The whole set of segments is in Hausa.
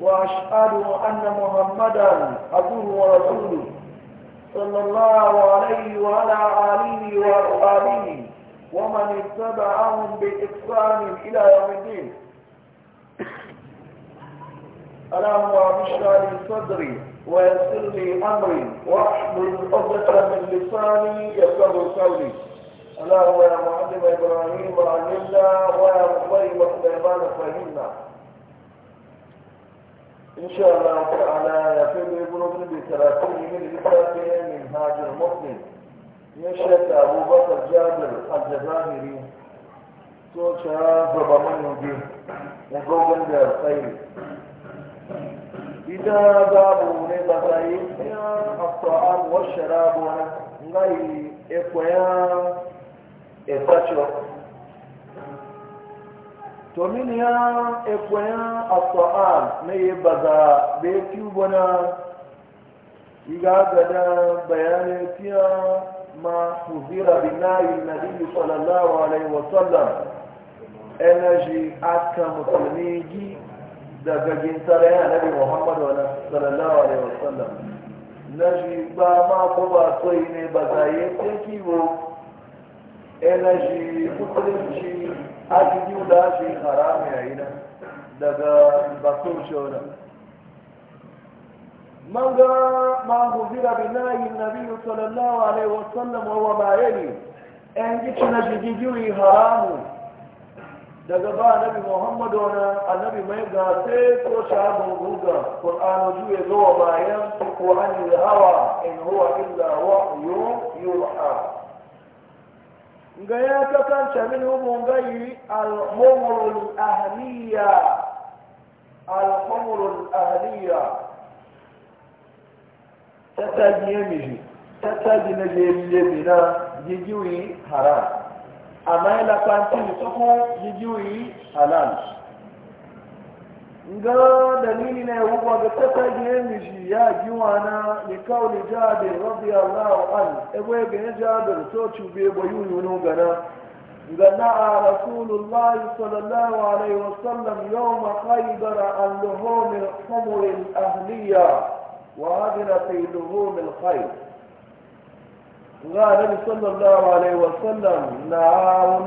وأشهد أن محمدا عبده ورسوله صلى الله عليه وعلى آله وأصحابه ومن اتبعهم بإحسان إلى يوم الدين اللهم اشرح لي صدري ويسر لي أمري وأحمل عقدة من لساني يفقه قولي اللهم يا معلم إبراهيم علمنا ويا مقيم سليمان فهمنا إن شاء الله تعالى يقول ابن ابن بثلاثين من رسالته من هاج المسلم يشهد أبو بكر جابر الجزائري سوشا فبمن يجي يقول عند الخير إذا بابوا لبغيب الطعام والشراب غير إخوان إفتشوا Tomin ya ekwayan asu'an na yi baza da ya fi wana iga gada bayanin fiya ma huzira binayi nabi sallallahu alaihi wasallam energy aka musulmi gi daga gintar yana nabi muhammad wani sallallahu alaihi wasallam na shi ba ma ko ba so ne ba za yi kiwo energy musulunci ajiyu da shi haramu yayi nan daga bakin shona من ما غفر بناء النبي صلى الله عليه وسلم وهو ما يلي ان جتنا جديوي حرام daga ba annabi muhammadu wani anabi mai gase ko shagon guga ƙur'anu juya zuwa bayan ko an yi hawa in huwa illa wa yuha nga ya ta kanta min hubun gayi alhumurul ahliya alhumurul ahliya ta tagi ya mishi ta tagi na lele mina jijiwi haram amma ya lafanti su kuma jijiwi halal ga dalili na yahuwa da kasa gine ya giwa na ne kawo ne ja da rabbi allah wa an ebe yi wani gana ga a rasulullah sallallahu alaihi wa sallam yau ma kaibara an luho min ahliya wa hadina ta yi luho min kai ga sallam na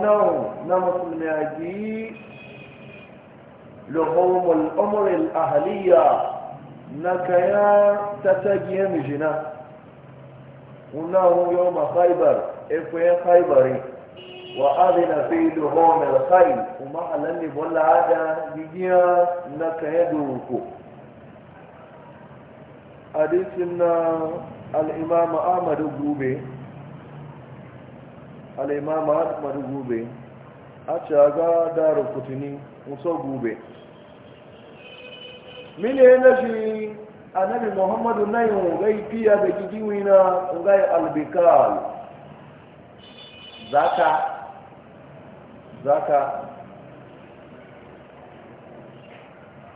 nau na musulmi لهم الأمر الأهلية نكيا تتجي مجنا إنه يوم خيبر إفوين خيبري وأذن في لهم الخيل وما علني بولا عدا بجيا نكيا دوكو حديثنا الإمام أحمد بوبي الإمام أحمد بوبي a ce ga darin kutini musa gube mini yana shi annabi muhammadu na yi ungai fiya da gigiwi na ungai albikal zaka zaka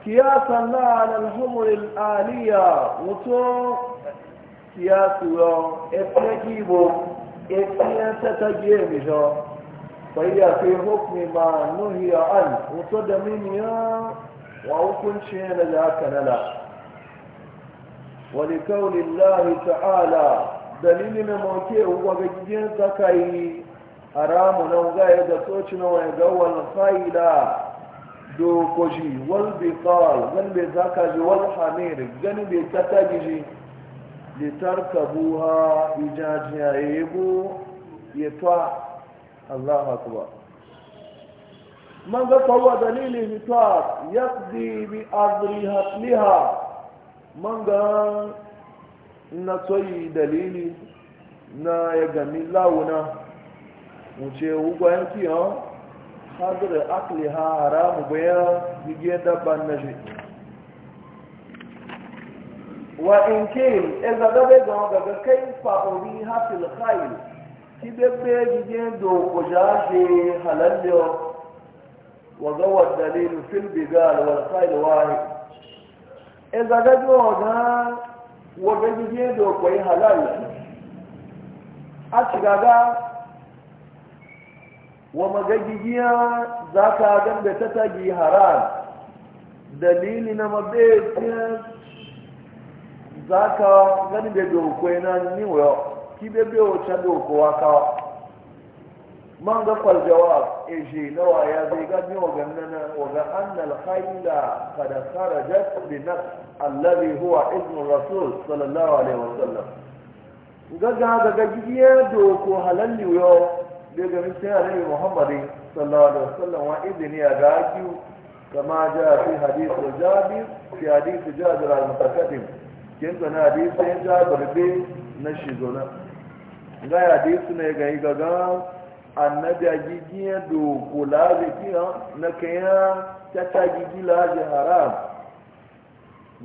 kiyasa na alhumurin aliyya mutum kiyasu yau efe gibo efe ta ta giye shi. fahiyya ke hukumi ma nuhiya an wato da miniya wa hukunci yana da haka nala wani kaunin lahi ta'ala dalilin na mawake wa gajiyar ta kayi haramu na wuga ya da soci na wani gawar fa'ida dokoji wal bifal gan bai zaka ji wal hamir gan bai kata gizi litar kabuwa ijajiya ya yi bu ya fa الله أكبر من ذا هو دليل مثال يقضي بأضرها لها من ذا نتوي دليل na ya gami launa wuce wugwayen kiyon hadar akli ha haramu bayan gige dabban na shi wa in ke ezagabe ga wagaga kai fa'ori ki bebe gige do ko jaje halallo wa gawa dalilu fil bigal wal khayl wahid iza e ga do na wa ga gige do ko e halal a cigaga wa magagigiya za ka ganda ta tagi haram dalili na mabe za ka gani da dokwai e na niwayo kibe be wacce dokowa kawa man ga kwal jawab e je nawa ya zai ga ni waga nana waga annal khayla qad kharajat bi nafs alladhi huwa ibn rasul sallallahu alaihi wasallam ga ga ga ga giye doko halalli yo daga min sai annabi muhammad sallallahu alaihi wasallam wa idni ya ga ki kama ja fi hadith jabir fi hadith jabir al-mutakaddam kin kana hadith jabir bi na shizona ga ya dai suna ya gayi gaga annabi a gigiyar da kula da kiyan na kayan tata gigila da haram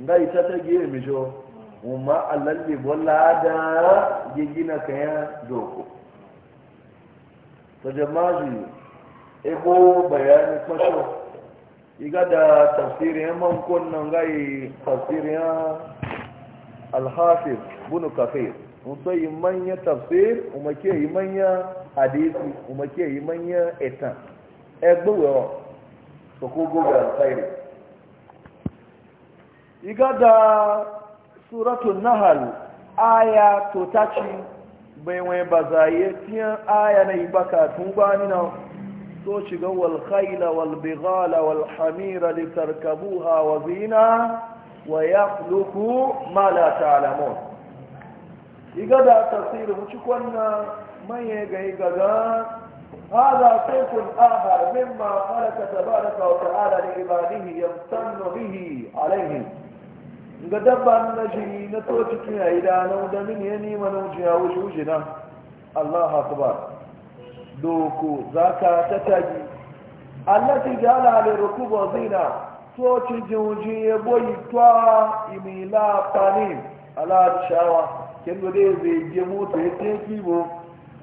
ga yi tata giye mijo umma alalle bolla da gigina kayan doko ta jamaji ebo bayani kwasho iga da tafsirin mankon nan ga yi tafsirin alhafi bunu kafir musa yi manya tafsir ke yi manya hadisi ke yi manya etan ẹgbẹ́ so sọkó gbogbo alfairi igada suratu nahal aya to tachi baiwai ba zaye tiyan aya na ibaka tun gbani na so shiga wal khaila wal bigala wal hamira litarkabuha wa zina wa yakhluqu ma la ta'lamun iga da tafsir mu ci kwanna manye ga iga ga hada sayfun ahar mimma khalaqa tabaraka wa ta'ala li ibadihi yamtannu bihi alayhi ga dabba na ji na to ci tuna idanu da min ya nima na wuce ya wuce wuce na Allah akbar doko ka ta tagi allati jala li rukub wa zina to ci jinji ya boyi twa imila tanim ala shawa kendo dai zai je mota ya ce kibo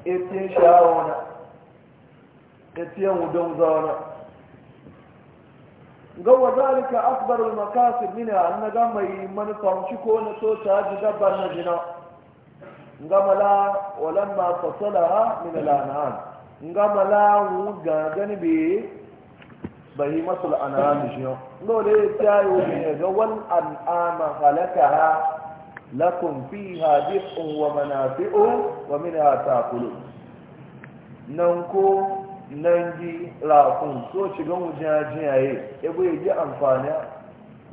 ya ce sha'awana ya ce wudon zauna gawa zalika akbar makasir mina an na gama yi manufar ko na so ta ji gabar na jina ngamala walamma fasalaha min al-an'am ngamala wu ga gani be bai masul an'am shi no dai tayo ne ga wal an'ama halakaha lakum fiha dif'un wa manafi'u wa minha ta'kulun nan ko nan ji rafun so shigan wujaji yayi ebo yaji amfani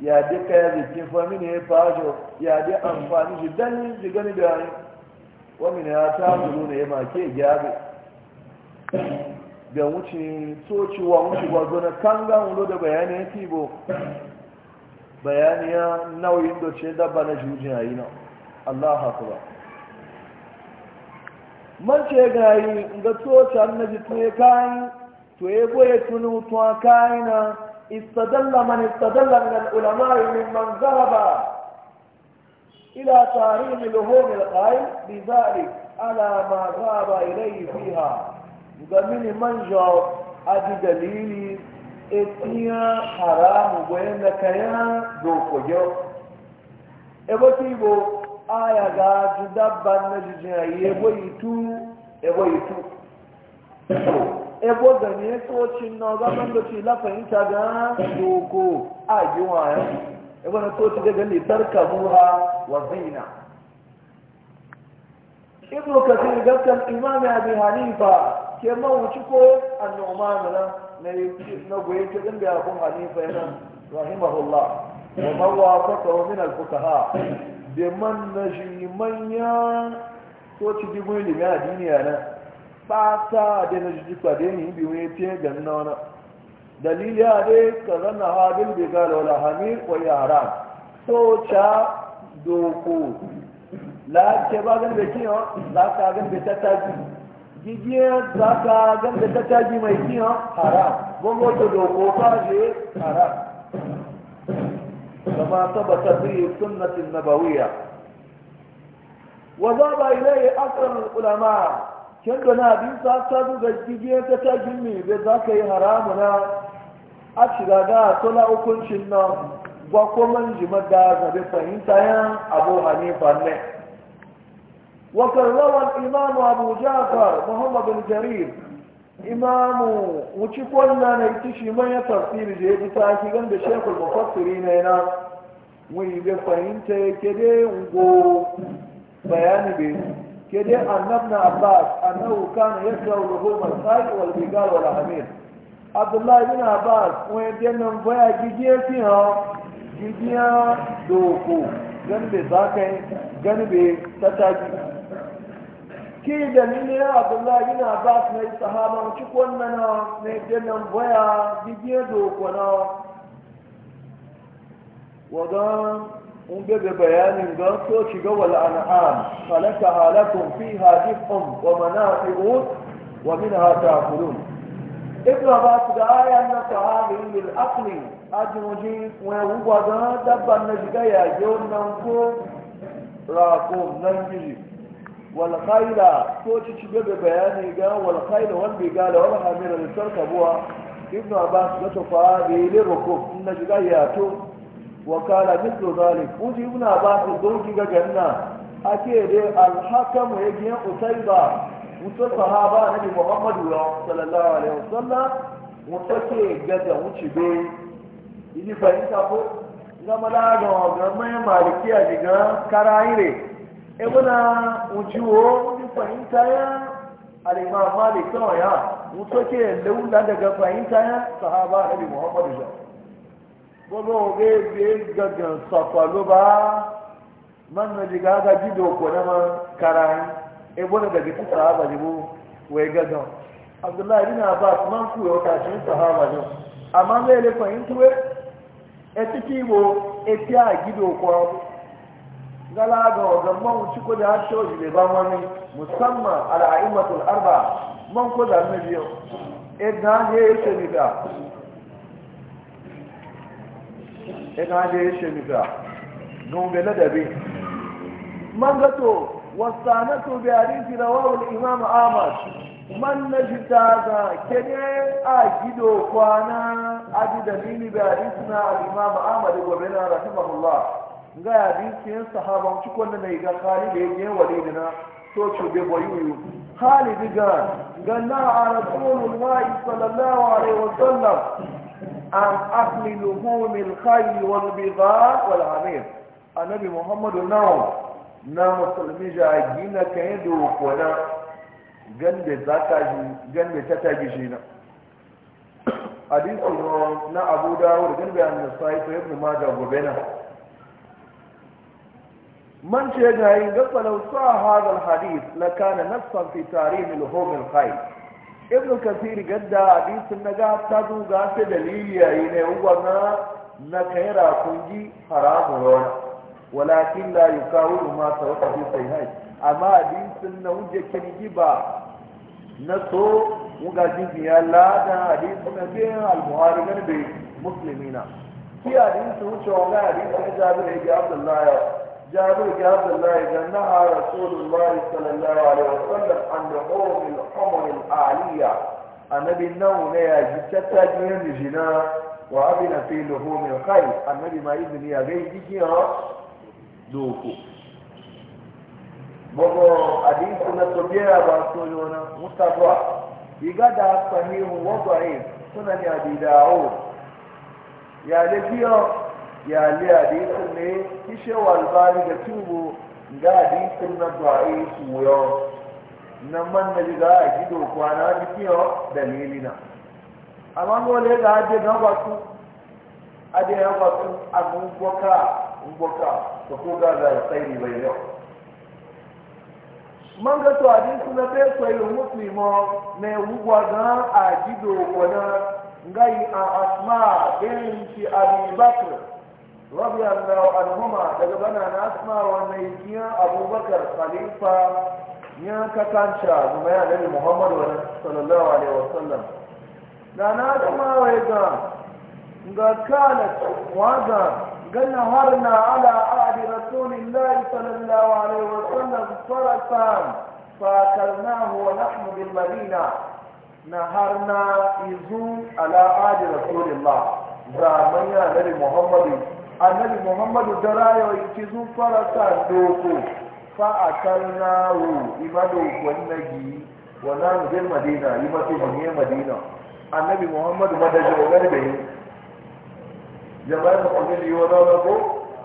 ya de kaya zikin famini ya fajo ya de amfani shi dan gani da yayi wa minha ta'kulun ya ma ke gyabe da wucin soci wa wuce gwazo na kan ga da bayanin tibo bayaniya nauyin doce dabba na jujin yayi na Allah akuba man ce gayi ga tsocan na jitune kayan to ya goye tuni mutuwa kayan na istadalla man istadalla min al'ulama min man zahaba ila tarihin luhum da qail bi ala ma zaba ilayhi fiha ga mini man jaw adi dalili etinye haramu wee ya dokoyo ebe ti igbo aya ga-ajụ dabba nnejiji ya yi ebo itu Ebe itu ebo da ne soci na ọgaban da ce lafahimta ga doko a yi waya ebo na soci daga litar kabuha wa zaina ibnu kasir gaskan imam abi hanifa ke mawuci ko annoba na na goyi cikin da abun hanifa yana rahimahullah wa mawafaka wa min alfukaha da man na shi manya ko ci digun ilimin addini yana ba ta da na shi jikwa da yin bi wani fiye ga nuna wani dalili a dai ka zanna hadin bai gara wala hamir wa yara so ca doko la ke ba gan da kiyon la ka gan da tattaki jijiyar za ka ganda ta taji mai kiyan haram gwamnati doko kofa je haram kama tabbata fi sunnatin nabawiyya wa ba ilai asar ulama kin da na abin sa ta duga jijiyar ta taji mai da za ka yi haramu na a shiga da tola hukuncin nan gwa jimar da zabe fahimta yan abu hanifa ne وقد روى الإمام أبو جعفر محمد بن جرير إمام وشكونا نيتشي ما يتفسير جيد تاكي بشيخ المفسرين هنا ويبقى فهمت كده وقو بيان به كده أن ابن عباس أنه كان يكره لهم الخير والبقال والحمير عبد الله بن عباس ويبقى نفايا جيجيه فيها جيجيه دوكو جنب ذاكي جنب تتاكي ki da mini ya abdullahi bin abbas na yi sahaba ci wannan na na waya bibiye doko na wadan un bebe bayanin ga so shiga wal an'am falaka halakum fiha wa manafi'u wa minha ta'kulun ibn abbas da ayan na ta'amin lil aqli ajmuji wa huwa da dabban na shiga ya nan ko rakum nan walƙaila ko ci ci gabe bayani ga walƙaila wanda bai gada wani hamira da sarka buwa ibn abbas ga tafa da yi lera ko na shiga yato wakala mislo zalik uji ibn abbas don ki ga ganna ake dai alhakamu ya giyan usaiba mutu sahaba nabi muhammadu ya sallallahu alaihi wasallam mutu ke gaza wuce be yi fahimta ko gama lagawa ga mai malikiya karayi ne. ebona ujiwo ni fahimta ya al-imam malik kawai ya mutu ke laula daga fahimta ya sahaba nabi muhammad ja gbogbo oge be gagan sakwalo ba man na jiga ga jido ko na ma karan ebona daga ta sahaba jibo wai gagan abdullahi bin abbas man ku yau tashin sahaba ne amma mai le fahimtuwe e tiki bo e ti a gido ko gala ga wajen man ciko da harshe wajen bai ba wani musamman al'a'immatul arba man ko da na biyu idan e ya yi shemita idan ya yi shemita gungun ladabi man gato wasanatu bi hadisi rawahu al-imam ahmad man najita ga kenye a gido kwana adi dalili bi hadisi na al-imam ahmad wa bin rahimahullah ga hadisin sahaban cikon da mai ga Khalid ya je wali na to cube boyuyu Khalid ga ganna a Rasulullahi sallallahu alaihi wa sallam an luhum al khayl wal bidha wal amir annabi Muhammadu nawa na musulmi ja gina kan yadda kona ganda zaka ji gande ta tagi shi na hadisi na Abu Dawud gande an-Nasa'i to Ibn Majah gobena man ce ga yin gasa lausa hadal hadith na kana nassan fi tarihin homin kai ibn kasir gadda hadisin na ga ta duga ta dalili yayi ne wannan na kai rakungi haramu wani walakin la yukawiru ma tawaka fi sahihai amma hadisin na wuje kirgi na so muga jibiya lada hadisin na biyan al-buhari garbe ki wuce ya jabi da abdullahi جابر جاب الله إذا رسول الله صلى الله عليه وسلم عن لحوم الحمر الأعلية النبي النوم يا جتة جنين جنا وأبن في لحوم الخير النبي ما يبني يا غير جيها دوكو بابا حديث نتوبيا بسولونا مستوى يقعد صحيح وضعين سنن يا داود يا لجيها ya li hadisin ne kishe walbani ga tubu ga hadisin na du'a'i su yo na man da ga a gido kwana da kiyo dalilina amma gole ga ade na wasu ade na wasu abun boka boka to ko ga da sai bai yau man ga to hadisin na bai sai muslimo ne wugwa ga a gido kwana ngai a asma binti abi bakr رضي الله عنهما لقبنا ناسما ونيكيا أبو بكر خليفة يا كتانشا زميا نبي محمد صلى الله عليه وسلم لا ناسما قد كانت وذا قلنا هرنا على أهل رسول الله صلى الله عليه وسلم فرسا فاكلناه ونحن بالمدينة نهرنا يزوم على أهل رسول الله زميا نبي محمد annabi muhammadu darayo ci sun farasa doko fa akalnahu ibadu wannagi wala mu je madina yi mato mu ne madina annabi muhammadu madaji wa garbe ne jama'a mu ne yi wala ko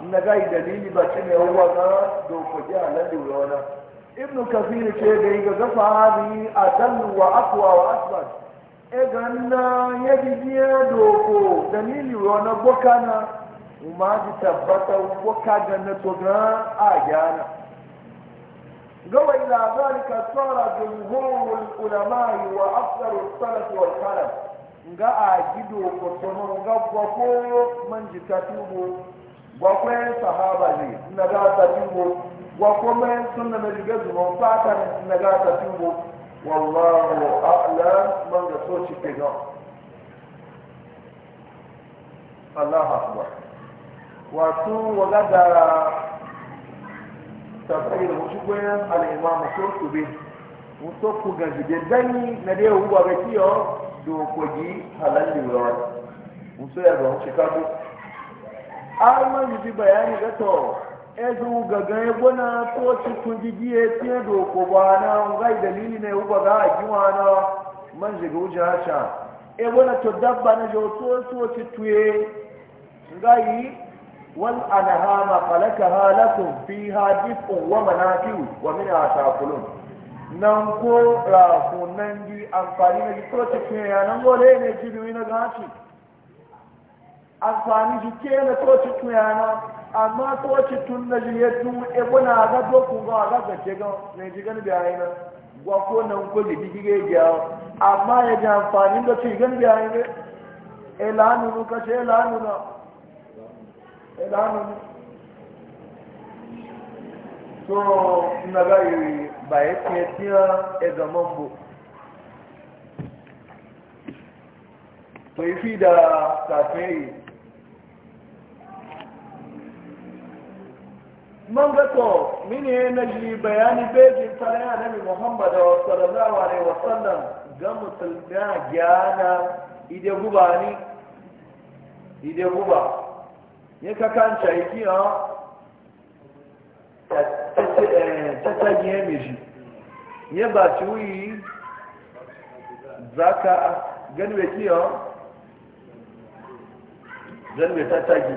na ga dalili ba ci ne huwa na doko ji alade wala ibnu kafir ce da yi ga gafa hadi adallu wa aqwa wa asbad e ganna yadi biya doko dalili wala bokana ma ji tabbata ko ka na to gan a gyana gawa ila zalika sara jumhurul ulama wa aktharu salaf wal khalaf nga a gido ko to no ga man ji tatubo ba ko sahaba ne na ga tatubo wa ko man sunna na diga zuwa fata na ga tatubo wallahu a'lam man ga so ci ke ga Allah akbar wato waga da tafari da wasu gwayan al'imam so su bi wasu ku gaji da dani na da yau ba bai yau dokoki halal lura wasu ya zama shekaru an man ji bayani ga to ezu ga gaya gona ko cikin jijiye fiye doko ba na gai dalili ne uba ga a giwa na man ji ga wuce haca e gona to dabba na jawo so so ci tuye gai والأنهام خلكها لكم فيها دفء ومناكل ومنها تأكلون ننكو رافو ننجي أنفارينا جكوتي كيانا نغولين يجدوين غاشي أنفاني جكيانا توتي كيانا أما توتي تنجي يدو إبنا أغاد وكو غاغاد جيغان نجيغان بيعينا وكو ننكو لبيجي جيغان أما يجي أنفاني لتيغان بيعينا إلا نوكا شيء إلا نوكا ìlànà tó nàbà yìí bàyẹ̀ tiẹ̀ tiẹ̀ ẹ̀dọ̀ mọ́ ń bò. to yi fi da kafin yi mini na bayani bejin tare a nabi muhammad wa sallallahu alaihi wa sallam ga musulmi gyana ide yẹ kaka ncha eki hàn tata ye méjì yẹ bàtí wuyi zaka gani bẹ ki hàn gani bẹ tata yi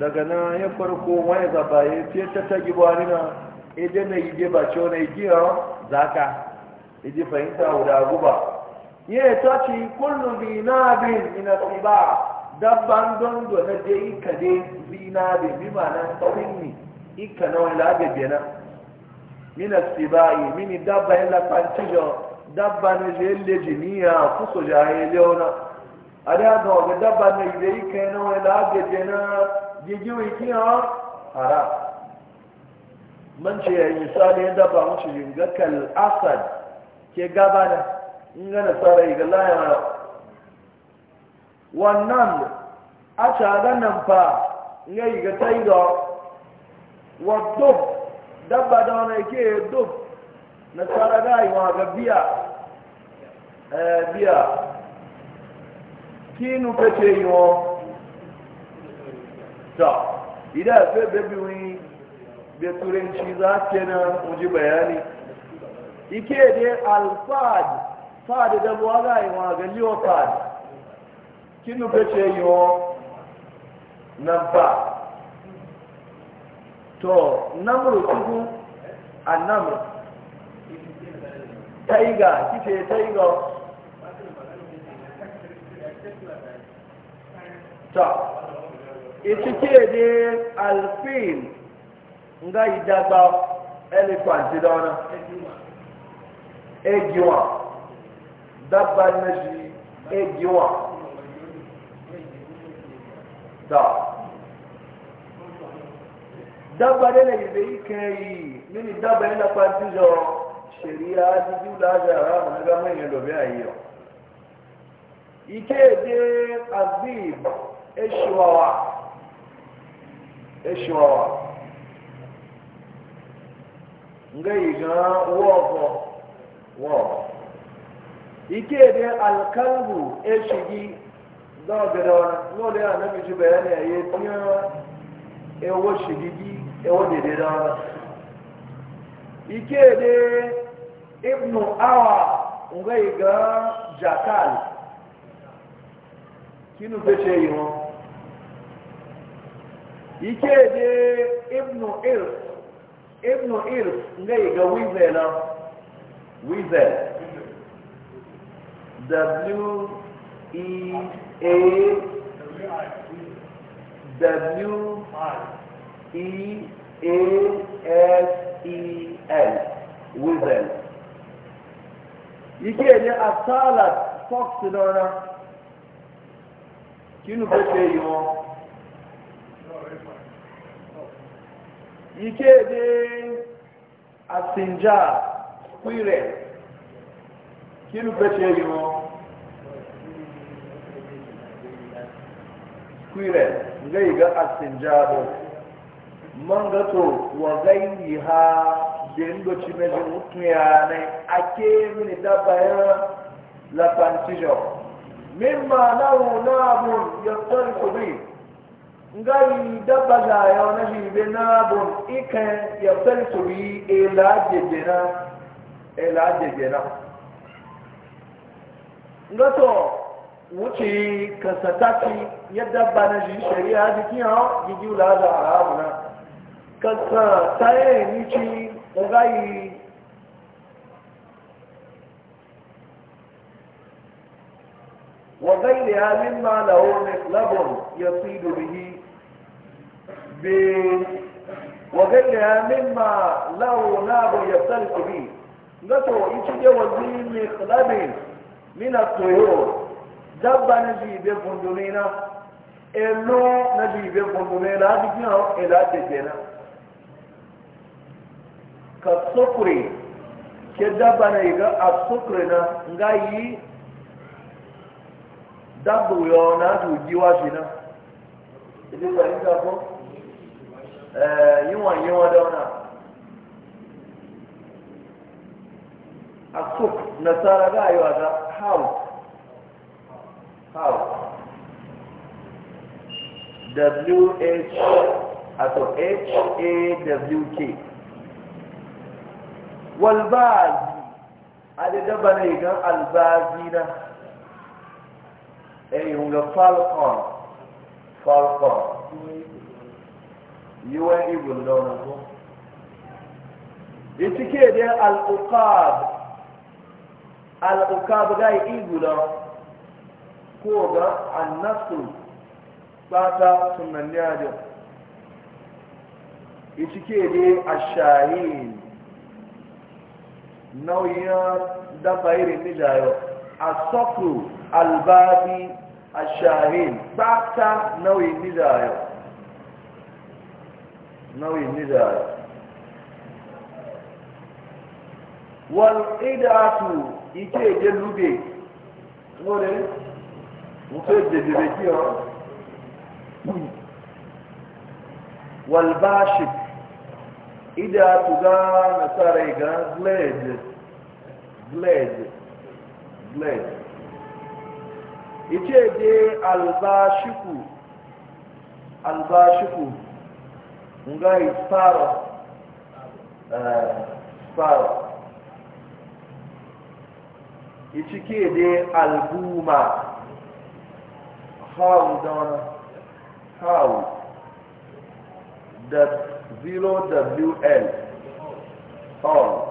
daga na ya farko wani zaba ya fiye tata yi buhari na idan na yi je bàtí wani ki hàn zaka idi fahimta guda guba yẹ tace kullu bi na bi ina ibaa dabban don na je ika zina da bi ma'ana tsawon ne ika na wani lagabe na mina sibayi mini dabba yin lafanci jo dabba na je le jiniya kusa jaye leona a da ga wani dabba na je ika na wani lagabe na gigi wiki ha hara man ce ya yi misali yin dabba mun yin gakal asad ke gabana in gana yi ga layar wannan a shagan nan fa ya yi ga taido wa dub dabba da wani ke dub na tsara gayewa ga biya eh, biya kinu ka ce yi wa ta idan fe bebi wani da turanci za ke nan uji bayani ike dai alfad fad da buwa gayewa ga leopard kinu bace yiwo nan ba to namru tugu a namru taiga kice taiga ta ita ke ne alfin nga idagba elephant da wani egiwa dabba na shi egiwa da dabba ne ne da yi kai mini dabba ne na kwanci jo shari'a ji ji da jara mu ga mai ne dobe ayi yo ike de azib eshwawa nga ngai ga wofo wo ike de alkalbu eshigi za a ga da wani dole ya nabi ji bayani a yi tiya ewo shigigi ewo daidai da wani ike ne ibnu awa ngai ga jakal kinu fece yi wọn ike ne ibnu irf ibnu irf ngai ga wizela wizel w e A W E A S E L Wizel yake ne a salat fox nora kinu ko ṣe yi wọn yake ne asinja kwire kinu ko ṣe yi equivalent zai ga astinjabin man gato wa zai ha den do ci meji mutu ya ne ake mini dabaya la pantijo mimma lahu nabun yastariku bi yi dabba la ya na shi be nabun ikan yastariku bi ila jejena ila jejena ngato wuce kasata ce yadda ba na ji shari'a jikin hau gigi wula da haramu na kasa ta yi nici ugayi wagai da ya mimma na wani labon ya fi durihi wagai da ya mimma lawo labon ya sarki bi gato ichi yawon zini labin mina toyo dabba na ji ibe fundumi na elu na ji ibe fundumi la adigi ha ila na ka sukuri ke dabba na iga a sukuri na nga yi dabba yo na ju jiwa shi na ibi e fahimta ko yiwa eh, yiwa dauna a suk nasara ga yi wa ga house how w h ato h a w k walbazi adadaba ne gan albazi na eyun eh, ga falcon falcon yiwon igul launa ko ita ke dai al'ukab al'ukab ga igulon ko ga annasu ta sunan yadda ita ke dai a shahin nauyin dabba irin nijayo a sofru albabi a shahin ta nauyin nijayo nauyin nijayo wal idatu ike gelube wadda nítorí dèdèrè kí ọ walbashik nasara iga glade glade glade ice de albashiku albashiku nga de albuma هاو دانا هاو دات زيرو دبليو ال هاو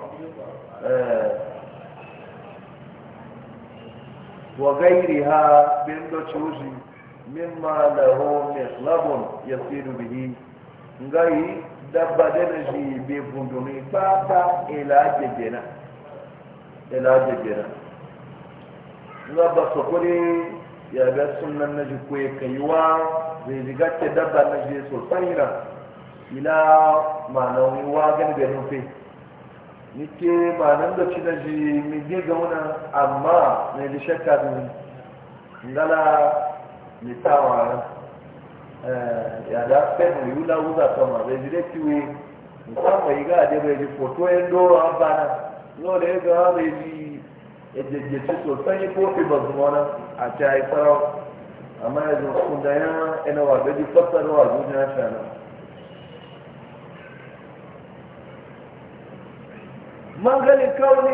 وغيرها من دوتشوزي مما له مخلب يصير به غي دبا دنجي بفندوني بابا الى جدنا الى جدنا لا بس ya ga sunan na ji kuwa kaiwa zai ce dabba na je sulfanira ila ma'anar wa gani da nufi ma ma'anar da ci na ji mige ga wuna amma na ji shakka da ngala mitawa eh, ya da fẹ́mù yìí láwùzà sọmọ rẹ̀ jí létiwe ìsámọ̀ yìí gáàdé foto jí fòtó ẹ̀ ń dóró abana lórí ẹ̀ gan rẹ̀ jí ẹ̀jẹ̀jẹ̀ tuntun sẹ́yìn kó a ta yi farau amma ya zo kun da ya ina wa gaji fassarwa duniya ta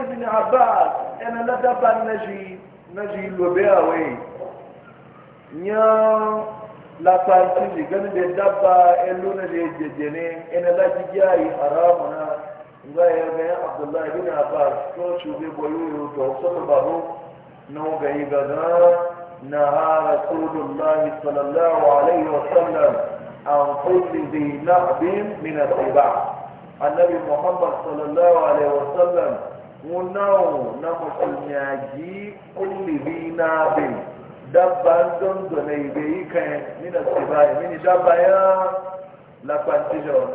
bin abbas ina na daban na shi na shi lobe a wai ya lafanci shi gani da dabba in luna da jejjene ina haramu na ga ya ga abdullahi bin abbas ko shugaba yoyo to wasu babu نوغ عبادات نهى رسول الله صلى الله عليه وسلم عن كل ذي نعب من الاتباع النبي محمد صلى الله عليه وسلم ونو نمس المعجي كل ذي نعب دبا دم دمي بيك من الاتباع من دبا يا لقد تجرى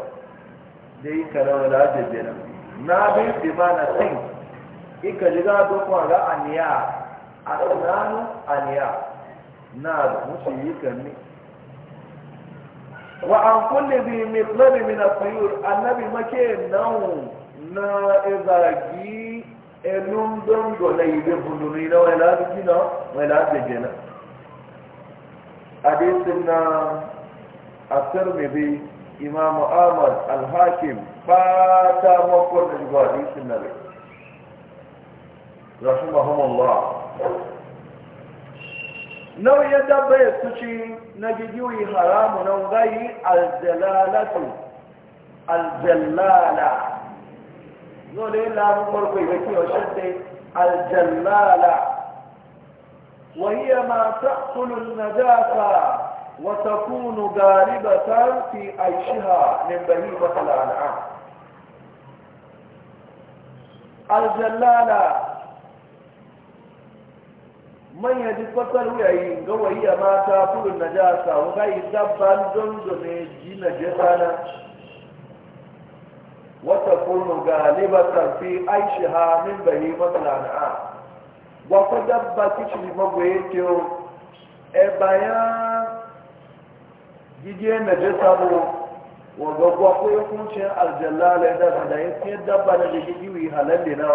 دي كلام العجب يا نبي نعب بمعنى سين إيكا جدا دوكو على أنياء al'ulanu aniya na musu yi gani wa an kulle bi mitlari min afayur annabi make nan na izagi elun dondo na ibe buluni na wai labi jina wai labi jina hadisin na asir bi imamu ahmad al-hakim fata makon da hadisin na rai rahimahumullah نو يدا بي سوشي نجيجوي حرام نو غي الزلالة الزلالة نو لي لا نمر بي بكي وشدي الزلالة وهي ما تأكل النجاسة وتكون غالبة في عيشها من بهيمة الأنعام الزلالة manya ji kwakwar wuyayi ga wayya mata kudin na ja samu gayi dabban don zane ji na jesana wata kunu ga libatar fi aishi ha min bayi a wakwa dabba kishi magwaye teo e baya gije na jesa bu wanda gwakwa ya kunce aljalla da ya da ya fiye e dabba na da gigiwi halalle na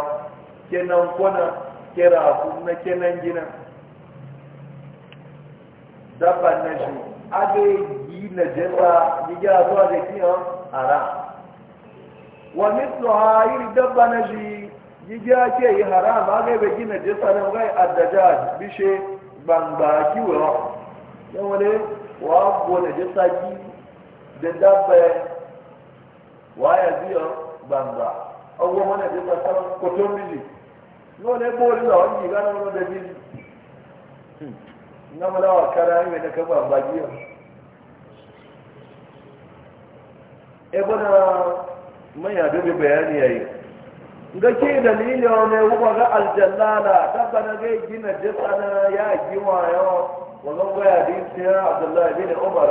kenan kwana kera na kenan gina dabban na shi na jasa yi zuwa da kiyan haram wa ha yi ke yi haram abe bai gina jasa gai addaja bishe gbangba kiwo yan wani wa abuwa na jasa ki da dabba ya biyan gbangba ọwọ́ wọn ẹ̀dẹ́ pàtó kòtó mílì ní wọn lè bó orí làwọn yìí gánà na malawa kara mai da kama bagiyar e bana mai yado bai bayani yayi ga ke dalilin wani wuba ga aljallala dabba na zai gina na ya giwa yawa wajen gwaya din siya abdullahi bin umar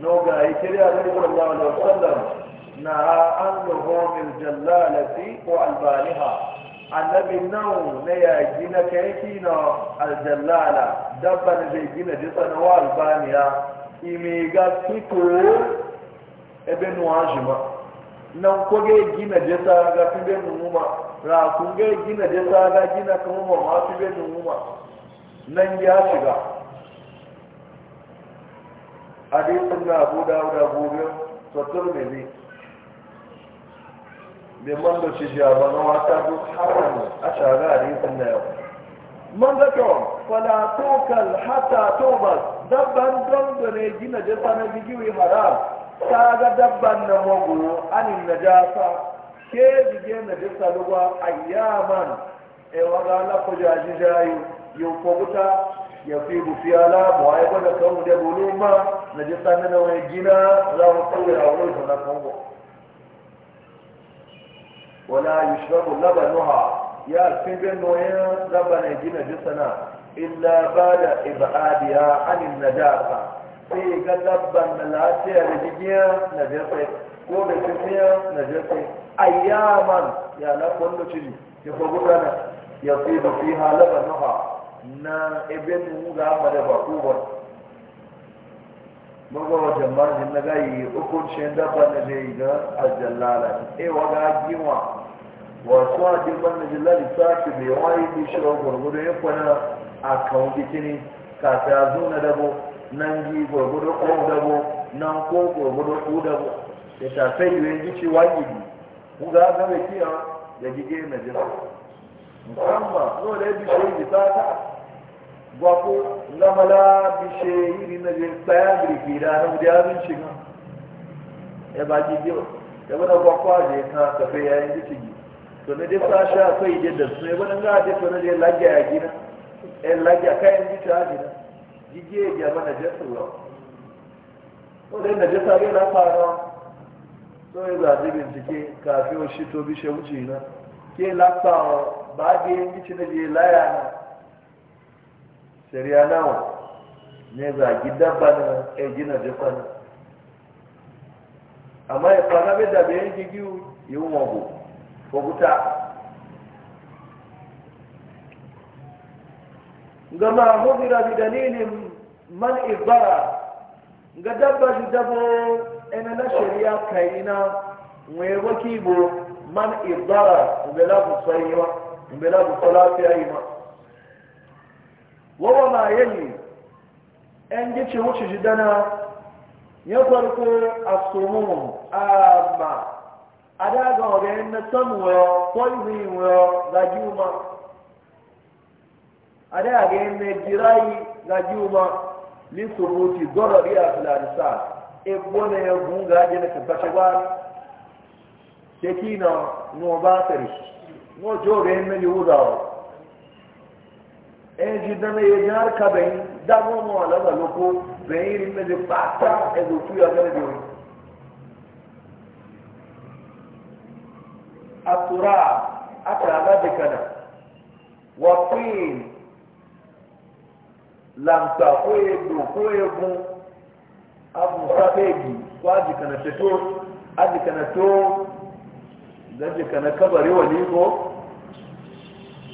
no ga yi kiriya da rikin allah na an jalla jallalati ko albaniha annabi nan na ya gina shi na aljallala dabba na zai gina jisa na wa albaniya ime ga fito ebe nuwa shi ma nan ko ga gina jisa ga fi be ma. ra kun ga gina jisa ga gina kuma ma fi be ma. nan ya shiga hadisin na abu dawuda gobe sotur mai bai mando ci jiya ba na wata duk haram a shaga a rikin na yau man da kyau fala tokal hata tobas dabban don da ne gina jasa na bigiwi haram ta ga dabban na magoro anin na jasa ke jige na jasa luwa ayyaman ewa ga lafa jaji jayu yau kwabuta ya fi bufiyala mu haifar da kawo da buluma na jasa na nawa gina za mu tsawo da wani na kongo ولا يشرب لبنها يا سيبنويا لبن جنة جسنا إلا بعد إبعادها عن النجاسة في قلب الملاتي الجنية نجسة ومسيسية نجسة أياما يا لكل شيء يفضلنا يصيب فيها لبنها نا ابن مغامة بقوبة mugawa jamar hinna gai ukun shenda banne ga ajallala e waga wasu hadin banda jilla lissafi bai wayi bi shirin gwargwado ya kwana a kan bikini kafin a zo na dabo nan ji gwargwado ko dabo nan ko gwargwado ko dabo ya tafe yiwuwa ji ce wani bi ku ga gaba kiya ya gige na jira musamman zo da ya bi ta ta gwako lamala bi shirin na jira tsaya birkira da wujabin shiga ya ba gige ya wani gwako da ya kasa fai yayin jiki to na dai sasha da su ne wani ga je to na a gina en eh, lagi a kayan gita a gina gige ya mana jesu wa na jesa ga na to ya zaɓi bincike kafin to wuce na ke ba ga yin na laya na shari'a ne za gida na e gina na amma ya fara da òkúta. ga ma hudira bi dalilin man ibara ga dabba shi dabo ina na shari'a kaina mai waki bo man ibara ubela bu sayiwa ubela bu salafiya yi ma wawa ma yayi en gice wuce shi dana ya farko a sumun amma adaga ọrẹ nnẹsọmù wọ pọlìwìn wọ gajuma adaga ẹnẹdirayi gajuma lisumuti gbọdọ bí afilanisa egbọnà ẹgún gajẹ ní kẹfàṣẹwà tẹkí na ní ọba tẹrẹ wọn jọ ọrẹ ẹnẹlẹ wúdà ọ ẹnjì dáná yẹ ní àríkà bẹyìn dágbọn mọ àlọgbà lóko bẹyìn rí mẹlẹ pàtà ẹgbẹ òkú yà mẹlẹ التراب أتى مدكنا والطين لم تقيد قيد أبو سبيبي وأجي كان شتور أجي كان تو daji ka na kabari wani ko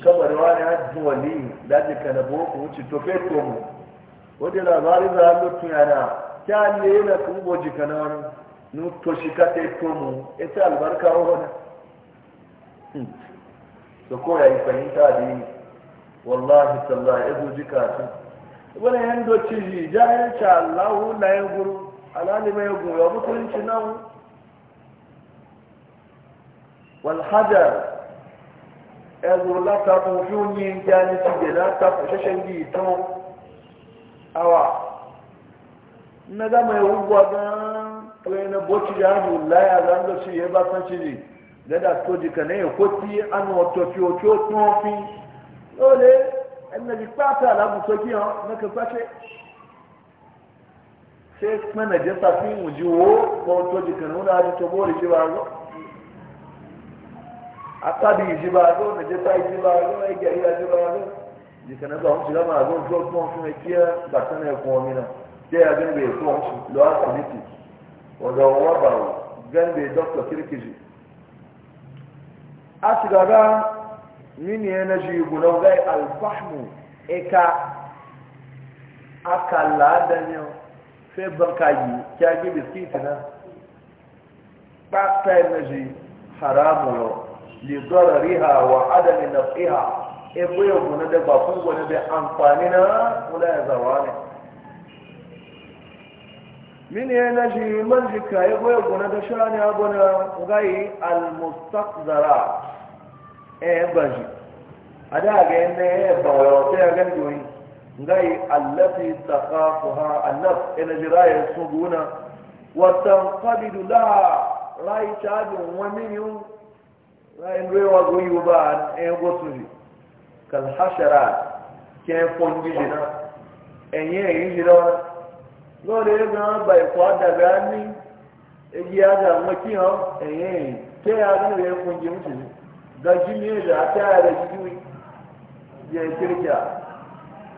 kabari wani hajji wani daji ka na boko wuce to feto mu wadda labari za a lotun yana ta ne yana kuma shi ka ta yi to mu ita albarka wani da yi fahimta da yi wallahi sallah ya guji kasu wani yan doci ji jayanci allahu na ya guru alalima mai guru ya mutunci nan walhajar ya guru lata kofi yin jani ci da lata kushashen gi to awa na gama ya hugwa ga wani boci da hajji laya zan shi ya ba san ci leda soji kan eyan koti anu ọtọ fi ojú ó tún ọ fi ó lé ẹnìyàn pátá alábùsọ kí hàn mẹkẹ pàṣẹ ṣé pẹ́ẹ́nà jẹ́ sàfihàn ju wo kọ́ soji kan ní wọn á di tó bóòlù ṣe wà lọ. akabi ìṣèbà lọ nàìjíríà ìṣèbà lọ ẹgbẹ ìyá ìṣèbà lọ ìṣèkànnà bá wọn ṣe lọ́mọ àgọ́ ojú ọtún ọ̀fun ẹtí ẹ bàtánà ẹ̀fọn ọmọ náà jẹ́ agbẹ́ngbẹ̀ẹ́ asigaga mini yana shi guda gai alfahmu eka akala da ne fe banka yi kya gi biskiti na pata yana shi haramu yau li dorariha wa adami nafiha ebo yau guna da bakun guna amfani na kula ya zawa min ya na shi man shi kayi goya gona da shara ne abuna gai almustaqzara eh ba shi a da ga yana ya e, ba wa sai ga gani goyi gai allati taqafuha annaf ina jira ya suguna wa tanqabidu laha rai ta wani yu rai rewa goyi ba eh go su kal hasharat ke fon gijina enye yi jira lọ́ọ̀rẹ́ a ba ẹ̀kọ́ àdàgbà ní èyí àgbà wọn kí hàn ẹ̀yìn tẹ́ àánú rẹ̀ fún jẹun sí gajú ní ìlà àti ààrẹ jíjú yẹ kirkiya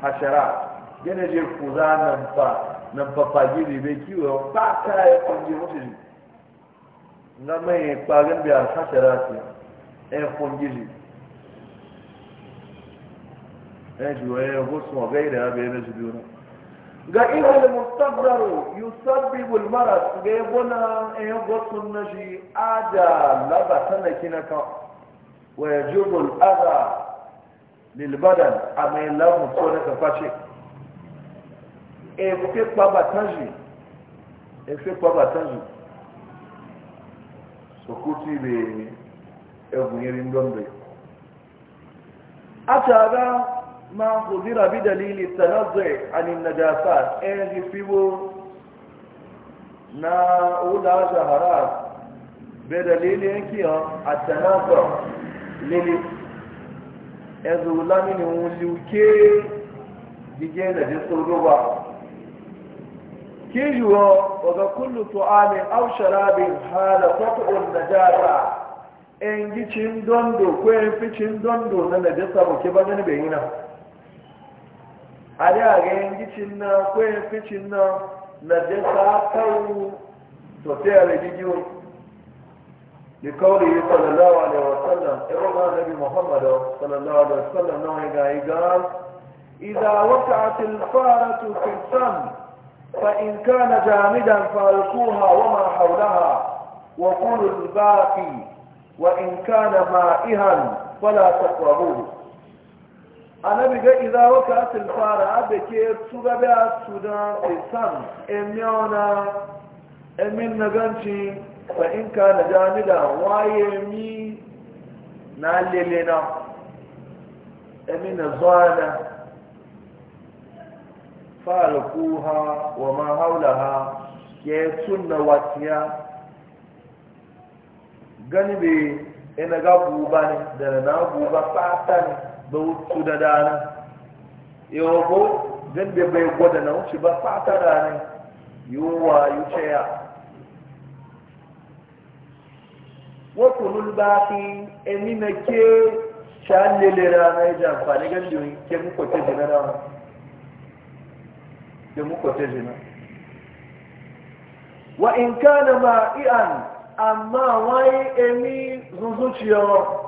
àṣàrà yẹn lè kúrá nàǹfà nàǹfà pàgìrì rẹ̀ kí wọ́n pàtà ẹ̀ fún jẹun sí nga mẹ́yìn parí bí àṣàṣàrà sí ẹ̀ fún jẹun ẹ̀ jù ẹ̀ gbósùn ọ̀gá ìrẹ̀ abẹ́rẹ́ sí bí ga ilal mustaqbar yusabbibu al marad ga yabona e gotun naji ada laba sanaki na ka wa yajubu al adha lil badan amma lahu to na ka face e ke pa batanji e ke pa batanji so kuti be e bunyirin dombe ata ga ما قدر بدليل التنزع عن النجاسات ايه فيو نا اولا جهرات بدليل انكيا التنزع للي ازولا من وليوكي جيجينا جسروبا كيجو وذا كل طعام او شراب حال قطع النجاسه ان جي تشين دوندو كوين في تشين دوندو نا نجاسه بكي بغني بينا ale agenge kinna kwefe kinna najasa kawu to sai a rigiyo li kawli sallallahu alaihi wasallam irin ma nabi muhammad sallallahu alaihi wasallam nawa ga iga idza waqa'at al-faratu fi sam fa in kana jamidan farquha wa ma hawlaha wa qulu al-baqi wa in kana ma'ihan fala taqrabuhu Ana biga iza waqa'at al-fara abake sugabe sudan isam emiona emin na ganci, in kana janida waye mi na lelena emin zana falquha wa ma hawlaha ke sunna watiya gani bai, ina ga guba ne da na guba fata ne Ba wutu da dana yau ko zan bai bai gwada na wuce ba ta dana yiwuwa yi ce ya wasu lulbafi emi na ke shan lele rana ya jamfa ne gan diyoyi ke muku ta jina rana ke muku ta jina wa in kana ma'i'an amma wani emi zuzuciyar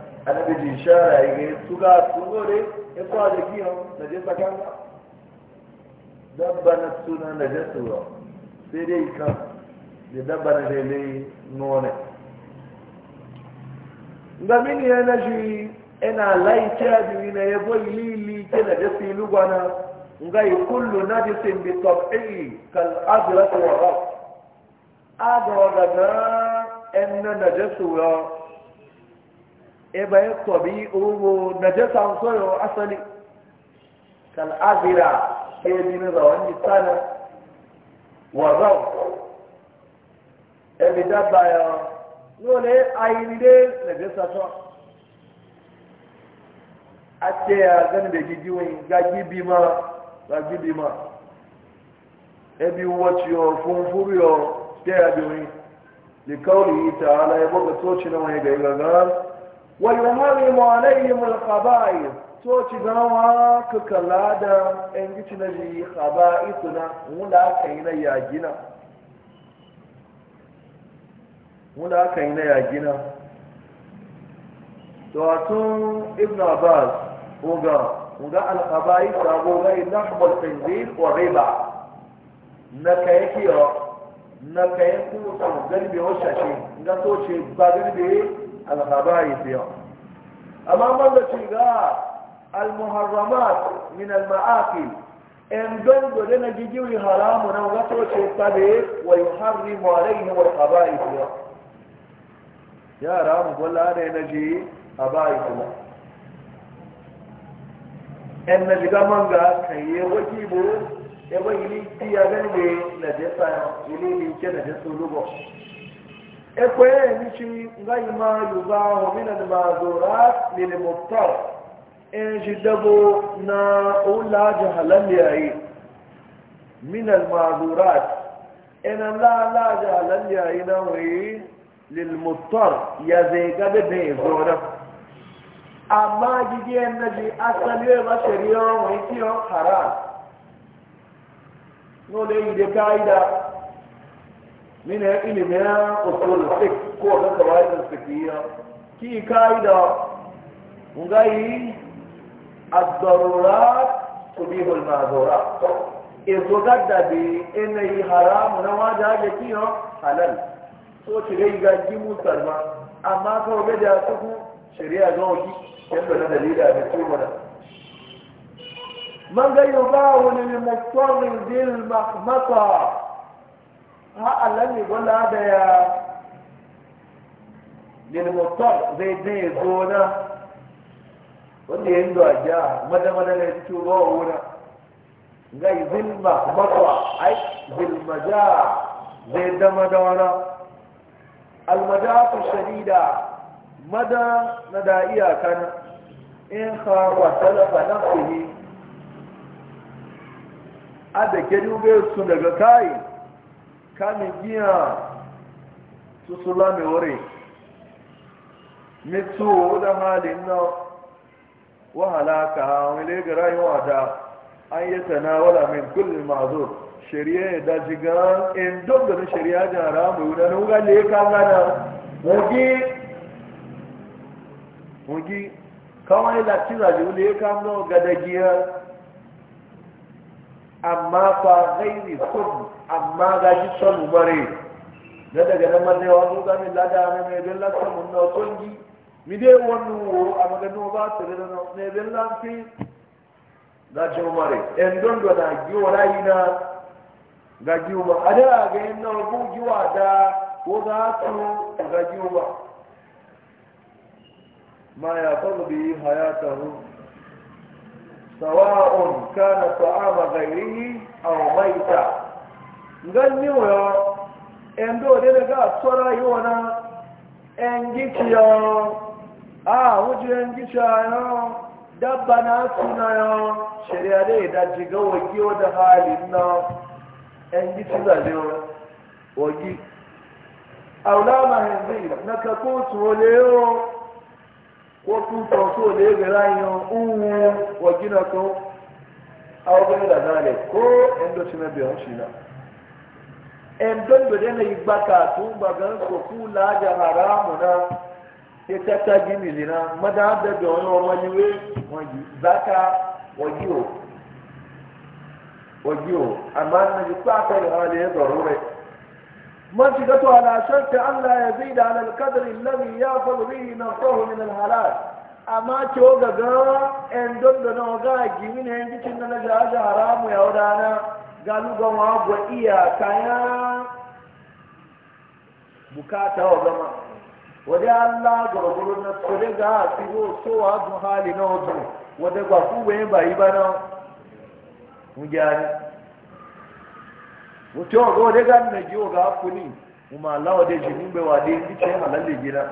annabi da ishara ya ga su ga su ya kwa da kiyo na je sakan dabba na suna na je sura sai dai ka da dabba na dai none da mini ya na shi ina laice biyu na ya boy lili ke na je filu gwana nga yi kullu na je sin bi tabi'i kal azrat wa raf aga daga en na je sura ebe ya tobi ugu na jasa soyo asali kan azira ke dini wani lisana wa raw ebe dabba ya nole ayinde na jasa so ate ya gani da gijiwin gaji bima gaji ma. ebi wacce yo funfuru yo ta yabi wani likawar yi ta ala ya boga soci na wani ga yi gagara ويهرم عليهم الخبائث soci zama ka kalla da yan gici na ji ba isuna wula ka yi na yagina wula ka yi na yagina tuwatun ibn abbas uga uga alkhabai sabo gai lahbal tanzil wa riba na ka yi kiyo na ka yi kusa galbe wasa shi ga soci ba galbe الغبائث يوم أما من تشيغا المحرمات من المآكل إن دون لنا جيجيو حرام ونغطو شيطانه ويحرم عليه والخبائث يوم يا رام ولا أنا نجي خبائث يوم إن نجيغا منغا كيه وكيبو ewa ili ti ya gani be na jesa ili ekwe e, nichi ngai ma yubahu min al-ma'zurat lil muftar in e, jidabo na ula jahalan yayi min al-ma'zurat in e, la la jahalan yayi na wi lil muftar ya zai ga da bai zora amma gidiyan naji asali ma shari'a wai kiyo haram no le ide kaida من ilimin usul fiqh ko da qawaid fiqhiyya ki kaida ngai ad-darurat tubihu al-ma'zurat ezo gadda bi enai haram na waja ga kiyo halal so tire ga ji musalma amma ko be da su shari'a ga wani yanda na dalila da kuma da man ga yubawu lil mustaqil bil mahmata ha alami gwala da ya lilmutar zai zai gona wanda ya yi da ja madamada na yanki ba wa wuna zai zilma makwa ai zilmaja zai dama da wana almajatu shadida mada na da iyakana in hawa talafa nafsihi a da ke dube su daga kayi kani gina su sula mai wuri mito da halin na wahalaka wani ga rayuwa da an yi tanawala min kullum mazu shari'a ya jigar in don da shari'a da ramu yi wani wuga da ya kama na wugi wugi kawai da kira da wani ya kama ga da amma fa gairi sun amma ga shi son mu bare na daga nan manne wa mu ga min lada ne me bin lasa mun na songi mi dai wannan wo a magana ba ta da nan ne bin lafi da jomare en don do da gi wala ina ga gi ma ada ga yin nan ku gi wa da ko ga su ga gi ma ma ya fadu hayatahu sawa'un kana ta'ama ghayrihi aw maita ngan ni wo endo de ga sora yona engi kiyo a wuju engi chayo dabba na suna yo shari'a de da jiga wagi da halin na engi tiza de wagi aulama henzi na ka ko tsole yo ko tu to so le ga rayo uwu wagi na ko awu ga da dale ko endo chime biyo shi na en don do dena yi baka tun bagan ko kula da haramu na sai e ta ta gini zina mada da da wani wani we wani zaka wajiyo wajiyo amma na ji kwata e da hali ya zarure man shiga to ala shakka Allah ya zai da alal kadar illami ya faru bihi na tsohu min alhalal amma ce o gaga en don da na waga gini ne yankin na na jahaja haramu ya wadana galugan wa iya kayan bukata wa gama wadda allah gwargwaro na tsode ga hafi ko so wa zun hali na wato wadda ba ku bayan ba yi ba na mu gyari mutum ga wadda ga na giyo ga haku ne kuma allah wadda jini bai wadda yin ce halalle gida